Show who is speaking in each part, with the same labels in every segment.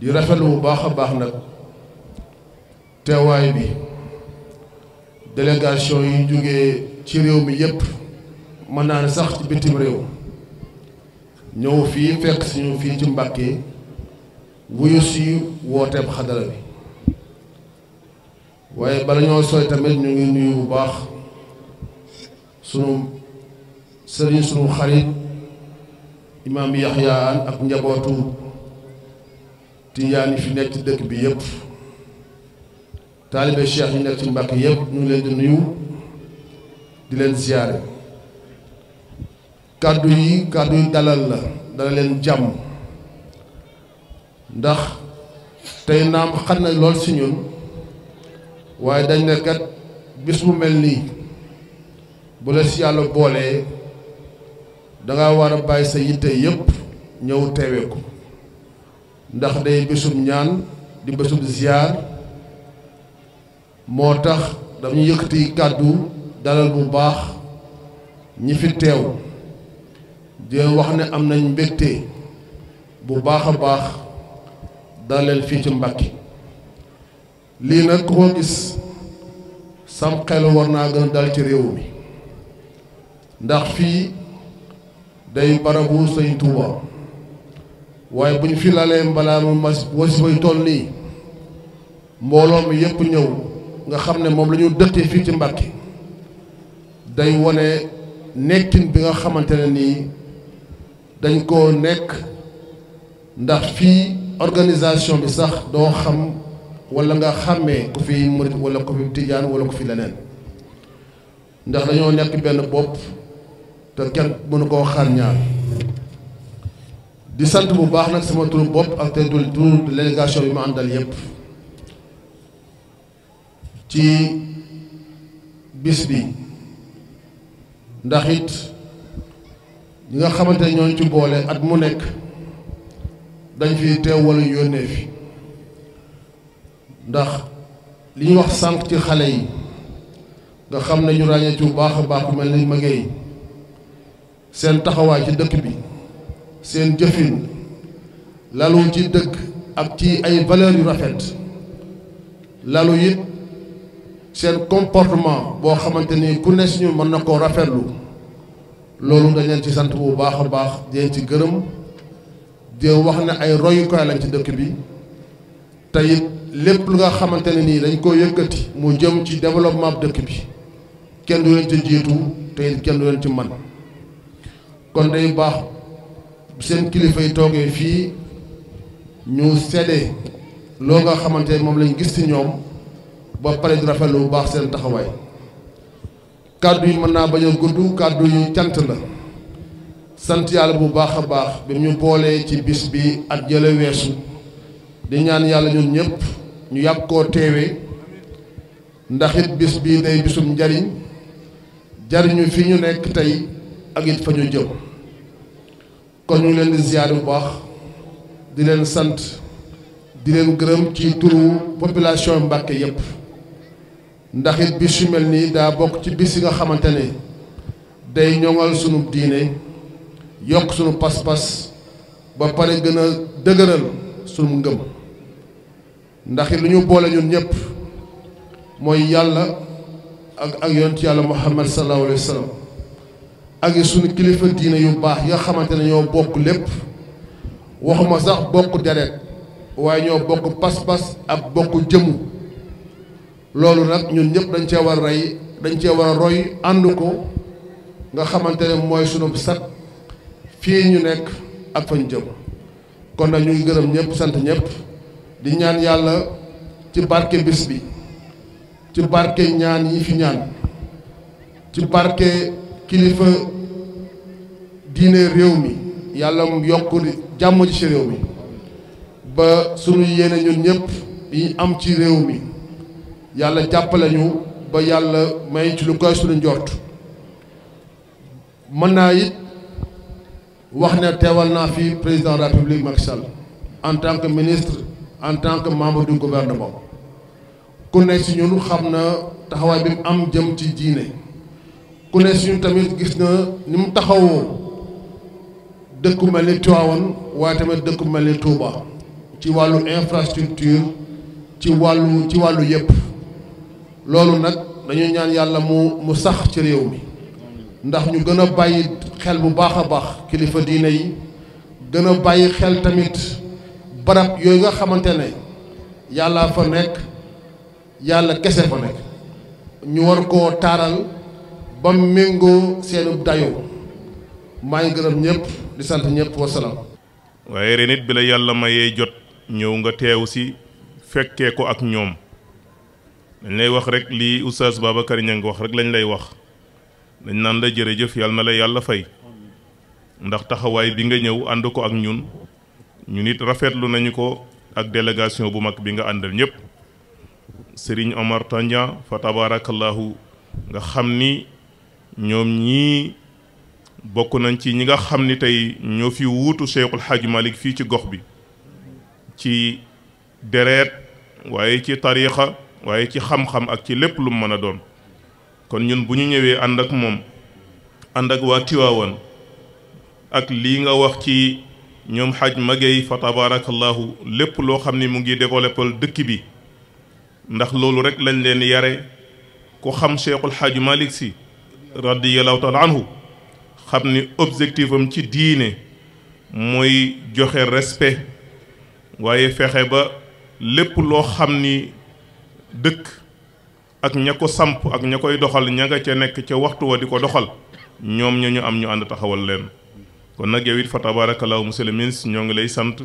Speaker 1: di rafetlu bu baax a baax nag teewaay bi délégation yi jógee ci réew mi yépp mën naa ne sax ci bitim réew ñëw fii fekk suñu fii ci Mbàkke wuyu si wooteeb xadara bi waaye bala ñoo sooy tamit ñu ngi nuyu bu baax sunu sëriñ sunu xarit imaam Yaxya ak njabootu tijaan yi fi nekk ci dëkk bi yépp taalibe cheikh yi nekk ci Mbàkke yëpp ñu ngi leen di nuyu di leen ziyaare kàddu yi kàddu yi dalal la dala leen jàmm ndax tey naam xam na lool si ñun waaye dañ ne bis bu mel nii bu la si yàlla boolee danga war a bàyyi sa yitte yëpp ñëw teewe ko ndax day bésum ñaan di bésum ziar moo tax dañu yëkkati kàddu dalal bu baax ñi fi teew di wax ne am nañ mbégte bu baax a baax dalal fii ci Mbàkke lii nag ku ko gis sam xel war naa gën a dal ci réew mi ndax fii day barabu Sëñ Tuuba waaye bu ñu fi lalee mbalaa mu mas way tool nii mbooloo mi yëpp ñëw nga xam ne moom la ñu dëkkee fii ci Mbàkke day wane nekkin bi nga xamante ne nii dañ koo nekk ndax fii organisation bi sax doo xam walla nga xàmmee ku fi murit wala ku fi tijaan wala ko fi leneen ndax dañoo nekk benn bopp te kenn mënu koo xaar di sant bu baax nag sama turu bopp ak te dul turu délégation bi ma àndal yépp ci bis bi ndax it ñi nga xamante ne ñooñu ci boole at mu nekk dañ fi teew wala yónnee fi ndax li ñu wax sànq ci xale yi nga xam ne ñu ràññee ci bu baax a baax mel ni ma ngeey seen taxawaay ci dëkk bi seen jëfin lalu ci dëkk ak ci ay valeur yu rafet lalu it seen comportement boo xamante ni ku ne si ñun mën na koo rafetlu loolu dañ leen ci sant bu baax baax di ci gërëm di wax ne ay royukaay lañ ci dëkk bi te it lépp lu nga xamante ne nii dañ koo yëkkati mu jëm ci développement dëkk bi kenn du leen ci jiitu te kenn du leen ci man kon day baax. seen kilifa yi toogee fii ñu seede loo nga xamante moom lañu gis ci ñoom ba pare di bu baax seen taxawaay kàddu yi mën naa bañ a gudd kàddu yi cant la sant yàlla bu baax a baax bi ñu boolee ci bis bi at jële weesu di ñaan yàlla ñun ñëpp ñu yàpp koo teewee ndaxit bis bi day bisum njariñ jariñu fi ñu nekk tey ak it fa ñu jëm kon ñu ngi leen di ziyaar bu baax di leen sant di leen gërëm ci turu population Mbàkke yépp ndax it bis mel nii daa bokk ci bis yi nga xamante ne day ñoŋal sunu diine yokk sunu pas-pas ba pare gën a dëgëral sunu ngëm ndaxit it lu ñu boole ñun ñëpp mooy yàlla ak ak yonent yàlla Muhammad sallallahu alayhi wa sallam ak i sunu kilifa diine yu baax yi nga xamante ne ñoo bokk lépp waxuma sax bokk deret waaye ñoo bokk pas-pas ak bokk jëmu loolu nag ñun ñëpp dañ cee war a rey dañ cee war a roy ànd ko nga xamante ne mooy sunu sat fii ñu nekk ak fañ jëm kon nag ñu ngi gërëm ñëpp sant ñëpp di ñaan yàlla ci barke bis bi ci barke ñaan yi fi ñaan ci barke kilifa diine réew mi yàlla mu yokk jàmm ji ci réew mi ba sunu yéene ñun ñëpp yi am ci réew mi yàlla jàppale ñu ba yàlla may ci lu koy sunu njort mën naa it wax ne teewal naa fi président de la république Macky en tant que ministre en tant que membre du gouvernement ku ne si ñun xam na taxawaay bi am jëm ci diine ku ne si ñun tamit gis na ni mu taxawoo. dëkku mel ni Tivaouane waaye tamit dëkku mel ni Touba ci wàllu infrastructure ci wàllu ci wàllu yëpp loolu nag dañuy ñaan yàlla mu mu sax ci réew mi ndax ñu gën a bàyyi xel bu baax a baax kilifa diine yi gën a bàyyi xel tamit barab yooyu nga xamante ne yàlla fa nekk yàlla kese fa nekk ñu war koo taaral ba méngoo seenu dayoo maa ngi gërëm ñëpp di sant ñëpp wasalaam
Speaker 2: waaye ren it bi la yàlla mayee jot ñëw nga teew si fekkee ko ak ñoom dañ lay wax rek lii oustaz Babacar Niang wax rek lañ lay wax dañ naan la jërëjëf yàlla na la yàlla fay ndax taxawaay bi nga ñëw ànd ko ak ñun ñu nit rafetlu nañu ko ak délégation bu mag bi nga àndal ñëpp Serigne Omar Tandian fa tabarakallahu nga xam ni ñoom ñii bokk nañ ci ñi nga xam ni tey ñoo fi wuutu Cheikhul Hadj Malick fii ci gox bi ci deret waaye ci tariixa waaye ci xam-xam ak ci lépp lu mu mën a doon kon ñun bu ñu ñëwee ànd ak moom ànd ak waa Tiwaawan ak lii nga wax ci ñoom xaj magey fa tabarakallahu lépp loo xam ni mu ngi développé dëkk bi ndax loolu rek lañ leen yare ku xam Cheikhul Hadj Malick si radiyallahu taala anhu xam ni objectif am ci diine mooy joxe respect waaye fexe ba lépp loo xam ni dëkk ak ña ko samp ak ña koy doxal ña nga ca nekk ca waxtu wa di ko doxal ñoom ña ñu am ñu ànd taxawal leen kon nag yow it fa tabaarakallaahu monsieur le ministre ñoo ngi lay sant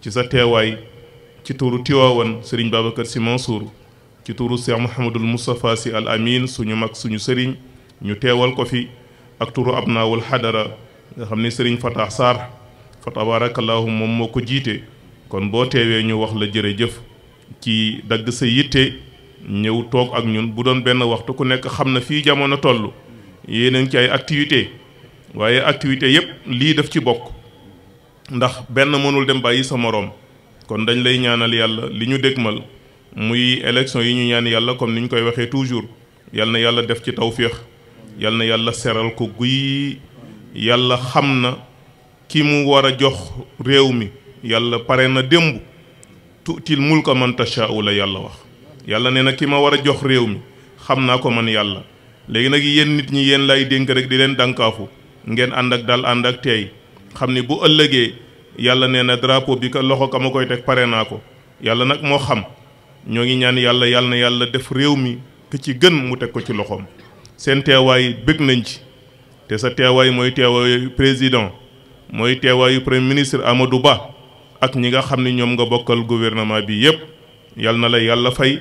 Speaker 2: ci sa teewaay ci tuuru Tiwaawan Serigne Babacar Sy Mansour ci tuuru Cheikh Mouhamadul Moustapha Sy Al Amin suñu mag suñu sëriñ ñu teewal ko fi ak turu ab naawul xadara nga xam ne sëriñ Fataax Sarr fa tabaarakallaahu moom moo ko jiite kon boo teewee ñu wax la jëf ci dagg sa yitte ñëw toog ak ñun bu doon benn waxtu ku nekk xam na fii jamono toll yéen ci ay activité waaye activité yëpp lii def ci bokk ndax benn mënul dem bàyyi sa moroom kon dañ lay ñaanal yàlla li ñu dégmal muy élection yi ñu ñaan yàlla comme ni ñu koy waxee toujours yal na yàlla def ci tawféex yal na yàlla seral ko guy yàlla xam na ki mu war a jox réew mi yàlla pare na démb tuutil ko man tashaa'u la yàlla wax yàlla nee na ki ma war a jox réew mi xam naa ko man yàlla léegi nag yéen nit ñi yéen lay dénk rek di leen dànkaafu ngeen ànd ak dal ànd ak teey xam ni bu ëllëgee yàlla nee na drapeau bi ka loxo ka ma koy teg pare naa ko yàlla nag moo xam ñoo ngi ñaan yàlla yàlla na yàlla def réew mi ki ci gën mu teg ko ci loxoom seen teewaay bëgg nañ ci te sa teewaay mooy teewaayu président mooy teewaayu premier ministre Amadou Ba ak ñi nga xam ne ñoom nga bokkal gouvernement bi yépp yal na la yàlla fay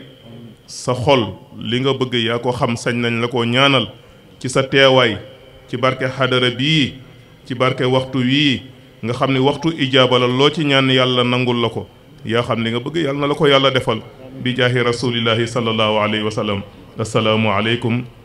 Speaker 2: sa xol li nga bëgg yaa ko xam sañ nañ la ko ñaanal ci sa teewaay ci barke xadara bii ci barke waxtu wii nga xam ne waxtu ijaaba la loo ci ñaan yàlla nangul la ko yaa xam li nga bëgg yàlla na la ko yàlla defal bi jaahi rasulillahi sallallahu alayhi wa sallam asalaamu aleykum